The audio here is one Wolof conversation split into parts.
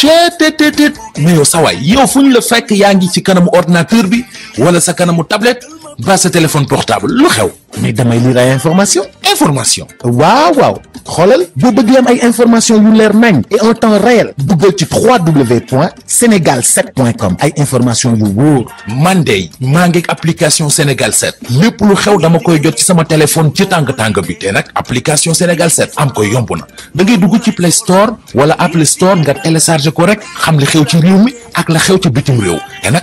cheetetetet mais yow sa waay yow fu ñu la fekk yaa ngi ci kanamu ordinateur bi wala sa kanamu tablette ba sa téléphone portable lu xew mais damay lire ay information information waaw waaw xoolal boo bëgg am ay information yu leer nañ et en temps réel duggal ci www.senegal7.com ay information yu wóor man de maa ngi application Sénégal 7 lépp lu xew dama koy jot ci sama téléphone ci tàng tàng bi te nag application Sénégal 7 am koy yomb na da ngay dugg ci Play Store wala Apple Store nga télécharge ko rek xam li xew ci réew mi ak la xew ci bitim réew te nag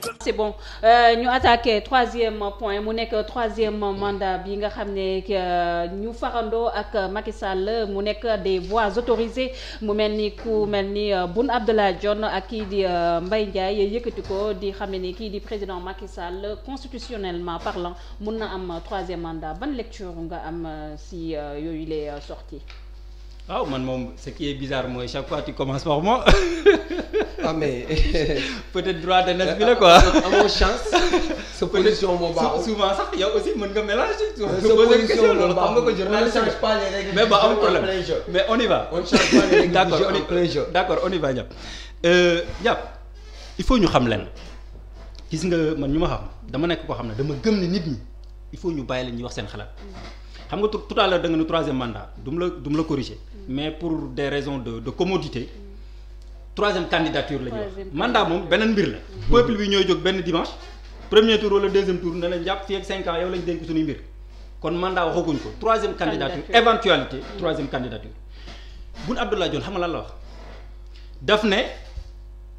c'est bon euh, ñu euh, attaqué troisième point mu nekk troisième mandat bi nga xam ne euh, ñu farandoo ak Macky mu nekk des voies autorisées mu mel ni ku mel ni euh, Boun Abdallah Dionne ak kii di Mbaye Ndiaye yëkkati ko di xam ne ni kii di président Macky Sall constitutionnellement parlant mun na am troisième mandat ban lecture nga am si yooyu les sorties waaw man moom ce qui est bizarre mooy chaque fois tu commences par moi. ah mais. peut-être droit de nas bi la euh, quoi. Euh, amoo chance. sa position moo baaxul souvent yow aussi mën nga mélanger. Euh, sa position loolu xam nga ko journaliste on ne change mais ba amul problème mais on d'accord on y plein il faut ñu xam lenn gis nga man ñu ma xam dama nekk koo xam ne dama gëm ne nit ñi. il faut ñu bàyyi la ñuy wax seen xalaat xam nga tout à l'heure da nga ne troisième mandat du mu la du mu la corriger mm. mais pour des raisons de de commodité mm. troisième candidature la wax mandat moom beneen mbir la mm. peuple bi ñooy jóg benn dimanche premier tour wala deuxième tour ne lañ jàpp fii ak cinq ans yow lañ dénk suñuy mbir kon mandat waxaguñ ko troisième candidature éventualité troisième candidature Boun Abdallah Dionne xam nga lan la wax daf ne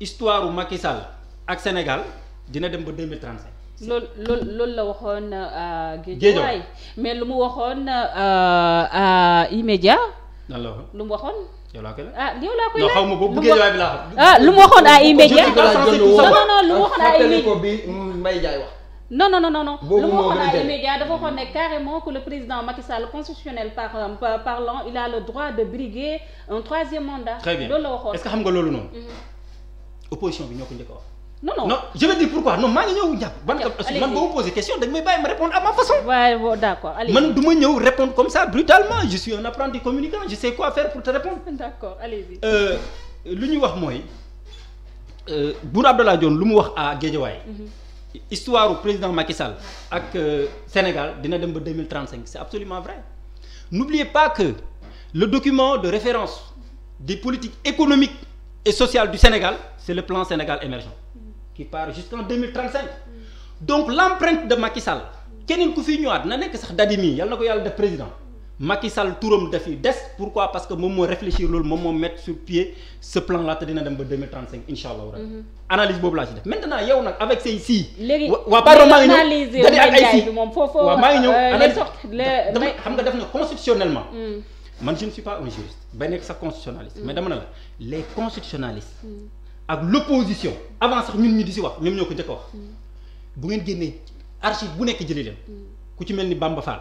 histoire u Macky Sall ak Sénégal dina dem ba 2035 loolu loolu la waxoon euh, Guédiawaye mais lu mu waxoon euh, E-Media lu mu waxoon yow laa koy laaj ah non bu Guédiawaye bi ah, mu waxoon à E-Media non non lu mu waxoon à E-Media ko bi Mbaye Ndiaye wax non non non non lu mu ne carrément que le président Macky Sall constitutionnel euh, par parlant il a le droit de briguer un troisième mandat très loolu la waxoon est xam nga loolu noonu mm-hmm. bi ñoo ko njëkk a wax non non non je veux dire pourquoi non maa ngi ñëw jàpp ban man boo ma question dañ may bàyyi ma répondre à ma façon. waaye ouais, man du ma ñëw répondre comme ça brutalement je suis un apprenti communicant je sais quoi faire pour te répondre. Euh, lu ñuy wax mooy euh, Boun Abdallah Dionne lu mu wax à Guédiawaye. Mhm. histoire du président Macky Sall ak euh, Sénégal dina dem ba deux mille trente cinq c' est absolument vrai n'oubliez pas que le document de référence des politiques économiques et sociales du Sénégal c' est le plan Sénégal émergent. qui part jusqu'en 2035 donc l'empreinte de Macky Sall keneen ku fi ñëwaat na nekk sax dadi mi yal na ko yàlla def président Macky Sall turam dafi des pourquoi parce que moom moo réfléchir loolu moom moo mettre sur pied ce plan là te dina dem ba 2035 incha allahu rek mhm. analyse boobu laa ci def maintenant yow nag avec say sii. léegi waaw pardon maa ngi ñëw dadi ak ay maa ngi ñëw euh, analyse xam nga def na constitutionnellement. Mm. man je ne suis pas un juriste bay nekk sax constitutionnaliste. Mm. mais dama ne la les constitutionnalistes. Mm. ak l'opposition avant sax ñun ñu di si wax ñoom ñoo ko njëkk a wax mm. bu ngeen génnee archive bu nekk jëli leen mm. ku ci mel ni Bamba Fall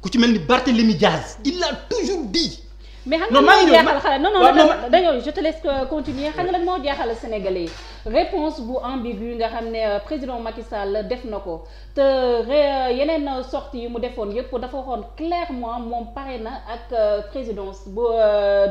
ku ci mel ni Barthélémy Diaz il a toujours dit. mais xam nga moo jaaxal xale non non dañoo je te laisse continuer xam nga lan moo jaaxal sénégalais yi. réponse bu ambigu nga xam ne euh, président Macky Sall def na ko te euh, yeneen sortie yi mu defoon yëpp dafa waxoon clairement moom pare na ak euh, présidence bu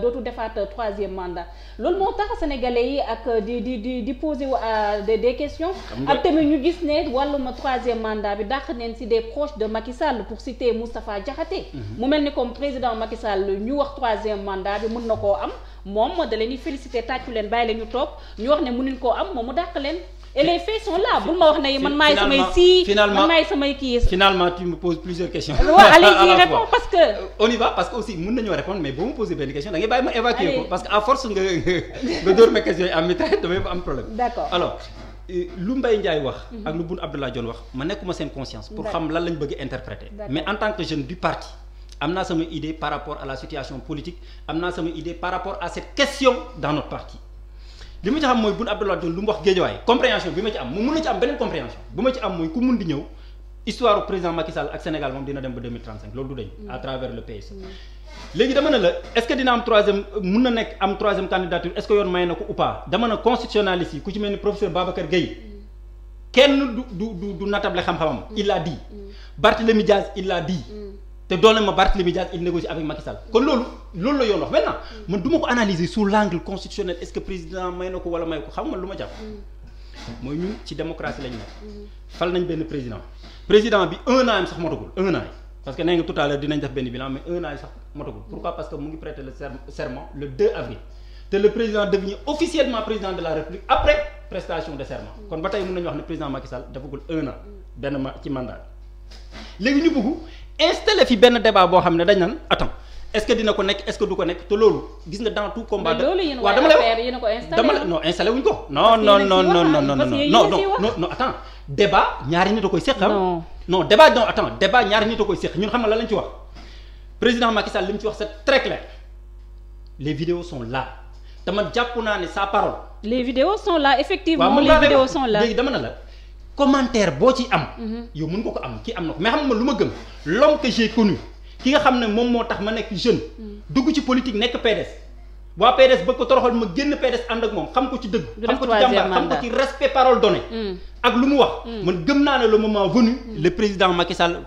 dootu defaat troisième mandat loolu moo tax sénégalais yi ak di di di di de des questions ak tamit ñu gis ne wàllum troisième mandat bi dàq neen si des proches de Macky Sall pour citer Moustapha Diakhaté mhm. mu mel ni comme président Macky Sall ñu wax troisième mandat bi mun na koo am moom da leen di félicité tàccu leen bàyyi leen ñu toog ñu wax ne mënuñ koo am moom mu dàq leen et les faits sont là bul ma wax ne man maay samay si man maay samay kii finalement tu me poses plusieurs questions waaw allez-y réponds parce que on y parce que aussi mën nañoo répondre mais boo ma posé benn question bàyyi ma évacuer ko parce que à force nga nga dóor ma yi am mi tamit damay am problème d'accord alors euh, lu Mbaye Ndiaye wax mhm. ak lu Boun am naa sama idée par rapport a la situation politique am naa sama idée par rapport à cette question dans notre parti li ma ci xam mooy Boun Abdallah Dionne lu mu wax géejawaay compréhension bi ma ci am mu mun na ci am beneen compréhension bu ma ci am mooy ku mun di ñëw histoire président Macky ak Sénégal moom dina dem ba 2035 loolu du dañ à mm. travers le PS e. mm. léegi dama ne la est-ce que dina am troisième mun na nekk am troisième candidature est yoon may na ko ou pas dama ne constitutionnaliste yi ku ci mel ni professeur Babacar Gueye mm. kenn l'a dit Barthélémy Diaz il l'a dit te doole ma Barthélemy Diaz il négocie avec Macky Sall kon loolu loolu la yoon wax maintenant man du ma ko analyser sous l'angle constitutionnel est-ce que président may na ko wala may ko xam nga lu ma jàpp mooy ñun ci démocratie lañ nekk fal nañ benn président président bi un an sax motagul un an parce que nee nga tout à l'heure dinañ def benn bilan mais un an sax motagul pourquoi parce que mu ngi prêter le serment le avril te le président devient officiellement président de la république après prestation de serment kon ba tey mën nañu wax ne président Macky Sall defagul un an benn installé fi benn débat boo xam ne dañ na attends est-ce que dina ko nekk est du ko nekk te loolu gis nga dans tout combat. mais loolu yéen waa dama la dama ko. non non non a koy seq. ñaari nit a koy seq xam nga lan lañ ci wax président Macky Sall li mu ci wax c'est les vidéos sont là te man jàpp naa ne sa parole. les vidéos sont là effectivement les vidéos sont là léegi dama na la. commentaire boo ci am. Mhm. yow mën nga ko am kii am na ko mais xam nga lu ma gëm l'homme que j'ai connu ki nga xam ne moom moo tax ma nekk jeune. Mhm. dugg ci politique nekk PDS. waa PDS bëgg ko toroxal ma génn PDS ànd ak moom xam ko ci dëgg. xam ko ci jàmbaar xam ko ci respect parole donnée. Mhm. ak lu mu wax. man gëm naa ne le ma venu. le président Macky Sall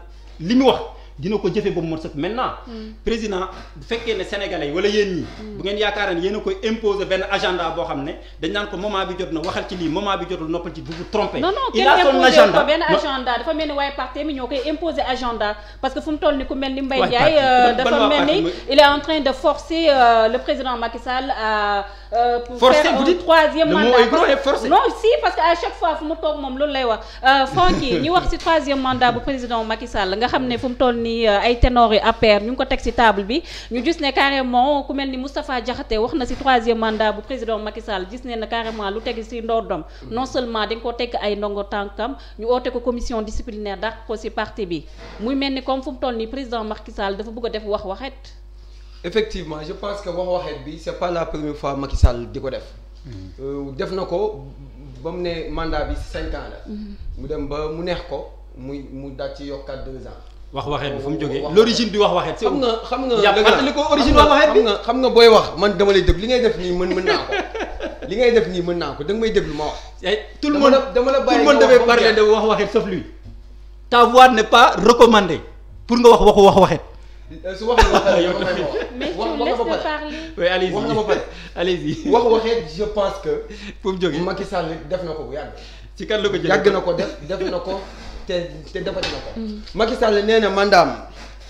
li mu wax. dina ko jëfe ba mu mot sëkk maintenant hmm. président bu fekkee ne sénégalais yi wala yéen ñi hmm. bu ngeen yaakaar ne yéen a koy imposer benn agenda boo xam ne dañ naan ko moment bi jot na waxal ci lii moment bi jotul noppal ci bu vous trompez non non il a son agenda ko benn agenda dafa mel ni waaye parti mi ñoo koy imposer agenda parce que fu mu toll ni ku mel ni Mbaye Ndiaye euh, dafa mel ni il est en train de forcer euh, le président Macky Sall Euh, pour forcé, faire un troisième mandat le si parce que fois fu mu moom loolu lay wax euh, Francky ñu wax ci troisième mandat bu président Macky Sall nga xam ne fu mu toll nii euh, ay ténor yu ñu ngi ko teg ci table bi ñu gis ne carrément ku mel ni Moustapha Diakhaté wax na ci troisième mandat bu président Macky Sall gis ne na carrément lu teg ci ndordom non seulement dañ ko teg ay ndongo tànkam ñu oote ko commission disciplinaire dàq ko ci parti bi muy mel ni comme fu mu toll nii président Macky dafa bëgg a wax waxet effectivement je pense que wax waxeet bi c'est pas la première fois Macky Sall di ko def. Euh, def na ko ba mu ne mandat bi cinq ans la. Mhm. mu dem ba mu neex ko muy mu daal ci yokkaat deux ans. wax waxeet bi fu mu jógee l'origine du wax waxeet. xam nga xam nga li ko wax xam nga xam nga booy wax man dama lay déglu li ngay def nii mën mën naa ko. li ngay def nii mën naa ko danga nga may déglu ma wax. Eh, tout le monde dama la bàyyi tout le monde devait de wax waxeet sauf lui. ta voix n'est pas recommandée pour nga wax waxu wax waxeet. Eh, su waxee ba pare yow may ma wax. wax nga ba pare mais allez y wax nga ba pare allez wax waxee je pense que. fu mu jógee Macky Sall def na ko bu yàgg. ci kan la ko jëlee yàgg na ko def def na ko te te defati na ko. Mm. Macky Sall nee na mandaam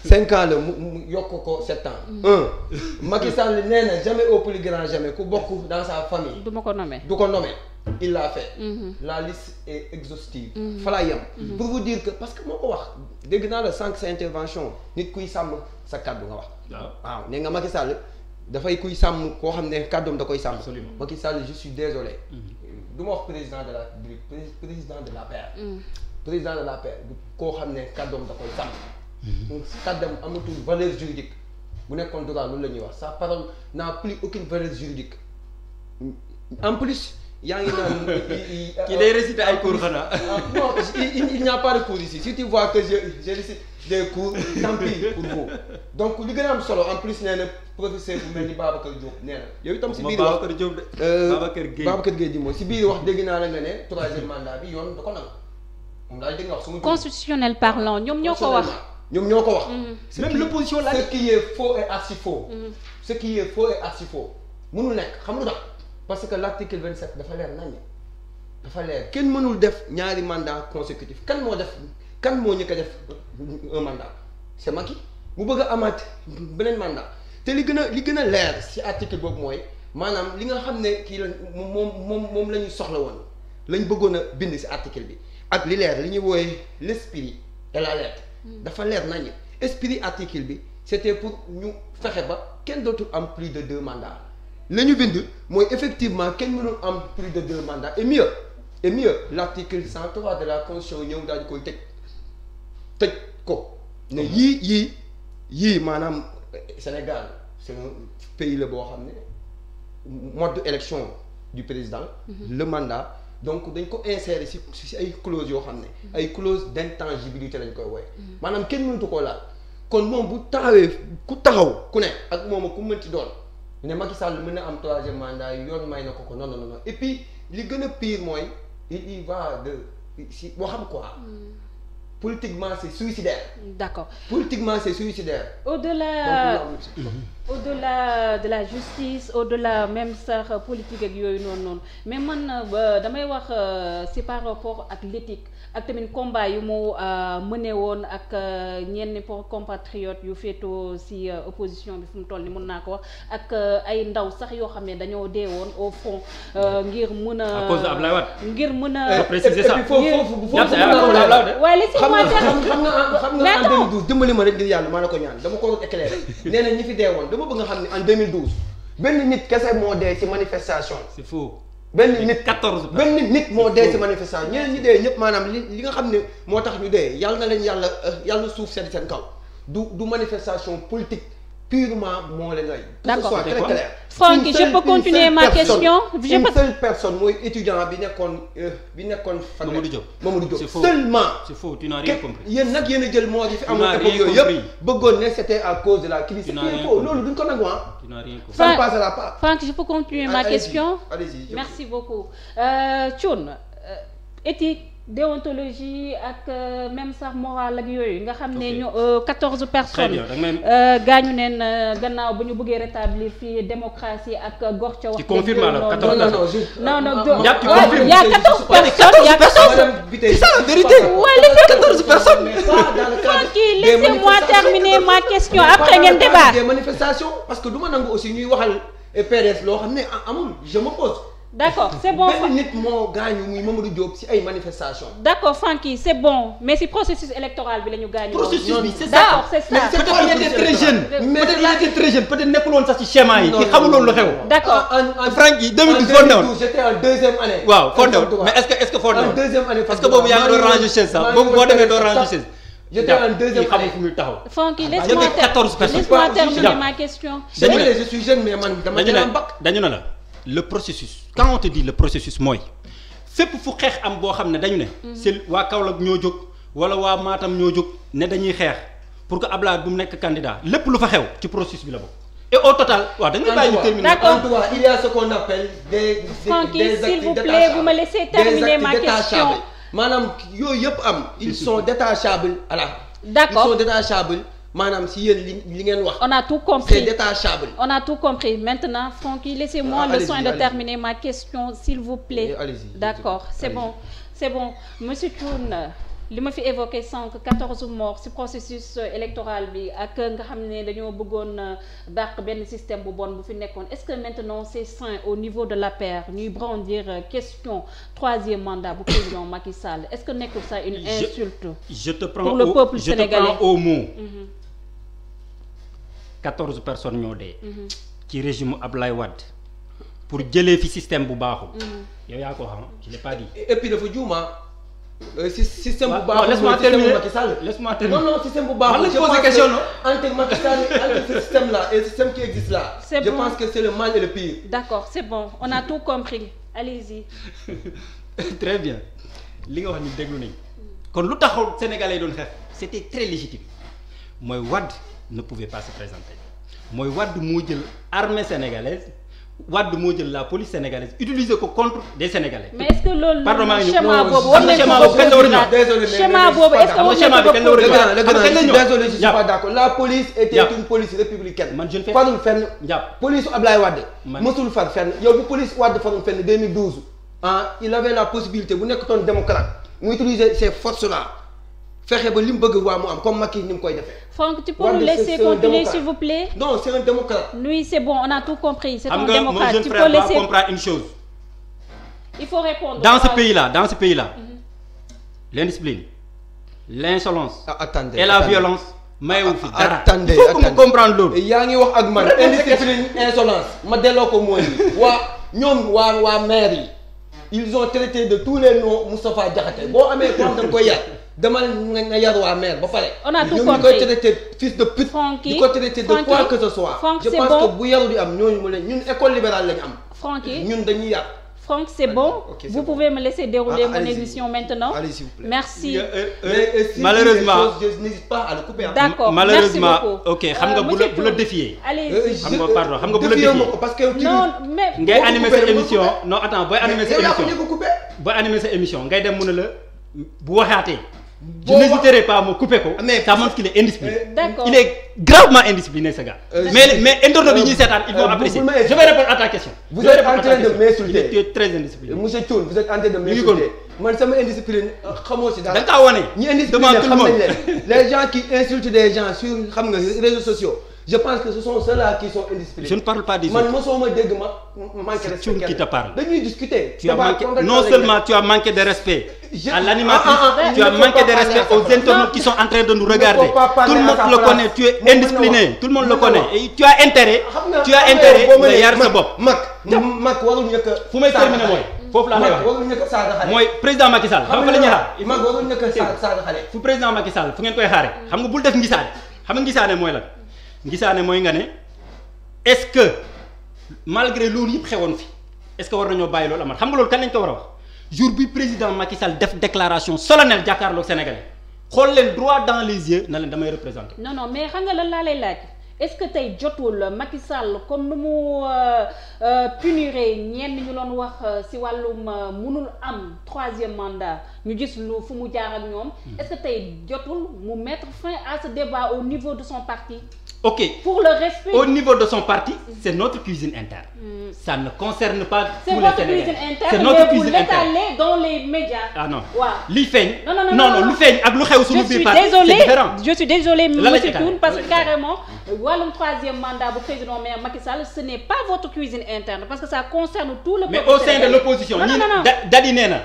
cinq ans la mu mu yokk ko sept ans. Mm. un Macky Sall nee na jamais au plus jamais ku bokk dans sa famille. du ma ko nommé du ko nommé. il l'a fait. Mm-hmm. la liste est exhaustive. Mm-hmm. fa laa mm-hmm. pour vous dire que parce que moo ko wax dégg naa la cinq sa intervention nit kuy sàmm sa kàddu nga wax. waaw waaw nee nga Macky Sall dafay kuy sàmm koo xam ne kàddoom da koy sàmm. Macky Sall je suis désolé. du ma wax président de la République président de l'APR. Mm. président de l'APR koo xam ne kàddoom da koy Mm-hmm. donc kàddam amatul valeur juridique bu nekkoon droit loolu la ñuy wax sa parole n'a plus aucune valeur juridique en plus yaa ngi naan kii day réciter ay cours xanaa non il n'y a pas de cours ici tu vois que je je récite des cours tant pis donc li gën a am solo en plus nee na professeur bu mel ni Babacar Diop nee na yow itam si biir wax Babacar Diop de euh, di mooy si biir wax dégg naa la nga ne troisième mandat bi yoon da ko nangu moom daal dégg nga wax su ma ñoom ñoo ko wax. Mm-hmm. même l'opposition la. Mm-hmm. ce qui est faux et archi faux. ce qui est faux nekk xam lu tax parce que l'article 27 dafa leer nañu dafa leer kenn mënul def ñaari mandat consécutif kan moo def kan moo ñu ko def un mandat c'est Macky mu bëgg a amaat beneen mandat te li gën a li gën a leer si article boobu mooy maanaam li nga xam ne kii la moom moom moom la ñu soxla woon lañ bëggoon a bind si article bi ak li leer li ñuy wooye l'esprit et la dafa leer nañu esprit article bi c'était pour ñu fexe ba kenn dootul am plus de deux mandats la ñu bind mooy effectivement kenn mënul am plus de deux mandats et mieux et mieux l'article cent trois de la constitution ñëw daal di koy tëj tëj ko ne mmh. yii yii yii maanaam euh, Sénégal c'est un la boo xam ne mode élection du président mmh. le mandat donc dañ ko insérer si si ay clause yoo xam ne mm-hmm. ay clause d'intangibilité lañ koy wooye mm-hmm. maanaam kenn mënatu koo laal kon moom bu taxawee ku taxaw ku ne ak moom ku mënti doon ne Macky Sall mën na am troisième mandat yi yoon may na ko ko non non et puis li gën a pire mooy il y va de si boo xam quoi mm-hmm. politiquement c'est suicidaire. D'accord. Politiquement c'est suicidaire. Au-delà au-delà de la justice au la même sax politique ak yooyu noonu noonu mais man euh, damay wax euh, si par rapport ak l'éthique ak tamit combat yu mu euh, mëne woon ak ñenn pour compatriotes yu féetoo si opposition bi fu mu toll ni mën naa ko wax ak ay ndaw sax yoo xam ne dañoo dee woon au fond ngir mën a. à cause de Ablaye Wade. ngir mën a préciser ça. foofu foofu foofu waaye li si ma teel xam nga xam nga en 2012 dimbali ma rek ngir yàlla maa ne ko ñaan dama ko doon éclairé nee na ñi fi dee woon dama bëgg nga xam ne en 2012 benn nit kese moo dee ci manifestation c'est faux benn nit 14 benn moo dee ci manifestation ñeneen ñi dee ñëpp maanaam li li nga xam ne moo tax ñu dee yàlla na leen yàlla yàlla suuf seen seen kaw du du manifestation politique purement moo leen rey. d'accord que ce je peux continuer ma question. une seule personne mooy étudiant bi nekkoon euh, bi nekkoon. Mamadou Diop Mamadou Diop seulement. c'est faux tu n'as rien compris. yéen nag yéen a jël moo yi fi amoon époque yooyu yëpp. bëggoon ne c'était à cause de la crise. tu n'as rien compris loolu duñ ko nangu ah. tu n'as je peux continuer ma question. allez-y allez-y déontologie ak euh, même sax morale ak yooyu nga xam ne ñu euh, quatorze personnes euh, gaañu neen gannaaw bu ñu bëggee rétablir fii démocratie ak gor ca wax ci confirme alors non non non ah, ah, y'a quatorze personnes y'a quatorze c'est ça la vérité waaye li personnes kii laissez-moi terminer ma question après ngeen débat parce que du ma nangu aussi ñuy waxal PDS loo xam ne amul je me d'accord c'est bon benn nit moo gaañu muy Mamadou Diop bon mais ci processus électoral bi la ñu gaañu. processus c'est ça d'accord c'est ça. peut jeune. peut-être il était jeune peut-être nekkul woon sax ci schéma yi. ki xamul woon xew. d'accord en en Franky 2012 foo newoon en 2012 j'étais en deuxième année. waaw foo newoon mais est-ce que est-ce que foo newoon. en deuxième année est-ce que boobu yaa ngi doon ranger chaise sax boobu boo demee doo ranger chaise. j'étais la le processus quand on te dit le processus mooy fépp fu xeex am boo xam ne dañu ne. c'est mhm. waa Kaolack ñoo jóg wala waa maatam ñoo jóg ne dañuy xeex pour que abla bu nekk candidat lépp lu fa xew ci processus bi la bokk. et au total waaw da nga bàyyi ñu terminer en tout cas il y a ce qu'on appelle des des Francky, des actes terminer maanaam yooyu yëpp am ils sont détachables voilà. d'accord ils sont détachables maanaam si yéen li li ngeen wax. on a tout compris c'est détachable. on a tout compris maintenant Francky laissez-moi ah, le soin de terminer ma question s'il vous plaît. d'accord c'est bon c'est bon monsieur Thioune li ma fi évoqué sànq quatorze morts ci processus euh, électoral bi ak nga xam ne dañoo bëggoon euh, dàq benn système bu bon bu fi nekkoon est-ce que maintenant c'est sain au niveau de l'APR ñuy brandir euh, question troisième mandat bu président Macky Sall est-ce que nekkul ça une insulte je, je te prends au, je quatorze personnes ñoo dee. Mhm. ci régime Ablaye Wade pour jëlee fi système bu baaxul. Mhm. yow yaa ko xam je l'ai pas dit. et dafa juuma. Euh, système bu baaxul laisse-moi terminer laisse-moi terminer non non système bu baaxul. je pense question que entre Macky Sall entre ce système là et le système qui existe là. c'est bon je pense d'accord c'est bon on a tout compris allez-y. très bien li nga wax ni déglu nañ kon lu taxaw sénégalais doon xeex c'était très légitime mooy Wade. ne pouvait pas se présenter mooy Wade moo jël armée sénégalaise Wade moo jël la police sénégalaise utiliser ko contre des sénégalais. mais est-ce que loolu. pardon maa ngi ñëw schéma a war a ñëw la police était police républicaine. man je ne fais farul police Ablaye Wade. man mësul far yow bu police Wade farul fenn 2012. ah il avait la possibilité bu nekk doon démocrate mu utiliser ces forces là. fexe ba li mu bëgg waa mu am comme Macky ni mu koy defee. Franck tu peux nous laisser continuer s'il vous plaît. non c'est un démocrate. lui c'est bon on a tout compris. c'est un démocrate tu peux laisser comprendre une chose. il faut répondre dans ce pays là dans ce pays là. Mhm. l'indiscipline l'insolence. Ah, attendez et la violence. mayewu fi ah, dara attendez il faut que mu yaa ngi wax ak man indiscipline insolence ma delloo ko mooy waa ñoom waa waa maire yi ils ont traité de tous les noms Moustapha Diakhaté boo amee kon da nga demal nga yar waa mère ba a tout compris ñu traité fils de pute. Francky di ko traité de quoi que ce soit. je pense que bu yaru di am ñooñu mu ne ñun école libérale la ñu am. Francky ñun dañuy yar. Franck, c'est bon. vous pouvez me laisser dérouler ah, mon émission maintenant. Allez, s'il vous plaît. Merci. Euh, euh, euh, malheureusement je n'hésite xam nga bu la bu la défier. Xam nga pardon, xam que Non, mais ngay animer sa émission. Non, attends, booy animer sa émission. Booy animer sa émission, ngay dem mu ne la bu waxaatee je n'hésiterai pas à me couper ko. mais ça montre qu'il est indiscipliné. d'accord il est gravement indiscipliné ce gars. Euh, mais mais internaute bi euh, ñuy seetaan ils vont euh, apprécier. je vais répondre à ta question. vous êtes en train de m'insulter tu es très indiscipliné. monsieur Thioune vous êtes en train de m'insulter. man sama indiscipline xamoo si dara. da nga kaa wane. ñi indiscipliné xam nañ leen les gens qui insultent des gens sur xam nga réseaux sociaux. je pense que ce sont ceux-là qui sont indisciplinés. je ne parle pas des man mosuma dégg ma manqué de respect qui te parle dañuy discuter. tu as manqué non seulement tu as manqué de respect. à ah, l'animatrice ah, ah, tu as manqué de respect aux internautes qui sont en train de nous regarder tout le monde le connaît tu es indiscipliné tout le monde le connaît et tu as intérêt. tu as intérêt nga yar sa bopp. mag mag warul ñëkk a. fu may terminer mooy. foofu laa lay wax mooy président Macky Sall xam nga la ñuy xaar. mag warul ñëkk a saaga xale. fu président Macky Sall fu ngeen koy xaaree. xam nga bul def ngisaane xam nga ngisaane mooy lan gisaane mooy nga ne est-ce que malgré loolu yëpp xewoon fi est-ce que war nañoo bàyyi loolu amal xam nga loolu kan lañ ko war a wax jour bi président makisal Sall def déclaration solennelle jàkkaarloog sénégalais xool leen droit dans les yeux na leen damay représenter. non non mais xam nga lan laa lay laaj. est-ce que tey jotul Macky Sall comme nu mu euh, euh, puniré ñenn ñu loon wax ci euh, wàllum mënul am troisième mandat ñu gis lu fu mu jaar ak ñoom. Hmm. est-ce que tey jotul mu mettre à ce débat au niveau de son parti. ok pour le respect au niveau de son parti c'est notre cuisine interne. Hmm. ça ne concerne pas. tous c'est notre cuisine interne ah li feeñ. non non lu feeñ ak lu xew suñu biir parti c'est différent je suis désolée monsieur Toune parce que carrément wàllum troisième mandat bu président maire Macky Sall ce n'est pas votre cuisine interne parce que ça concerne tout le. mais au sein de l'opposition. non non non ñii da di nee na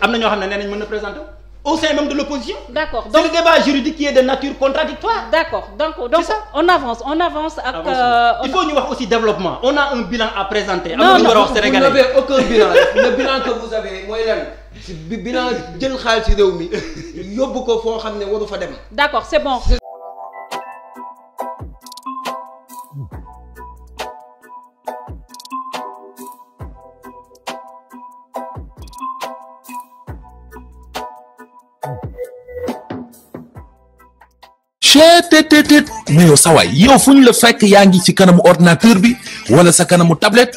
am na ñoo xam ne nee nañ mën na présenté wu. au sein même de l'opposition. D'accord. Donc c'est le débat juridique qui est de nature contradictoire. D'accord. Donc donc on avance, on avance euh, Il faut ñu wax aussi développement. On a un bilan à présenter. Amul lu war a wax Sénégalais. Vous n'avez aucun bilan. Le bilan que vous avez mooy lan bilan jël xaalis ci réew mi yóbbu ko foo xam ne waru fa dem. D'accord, c'est bon. cttt mais yow sawaay yow fu la fekk yaa ngi ci kanamu ordinateur bi wala sa kanamu tablette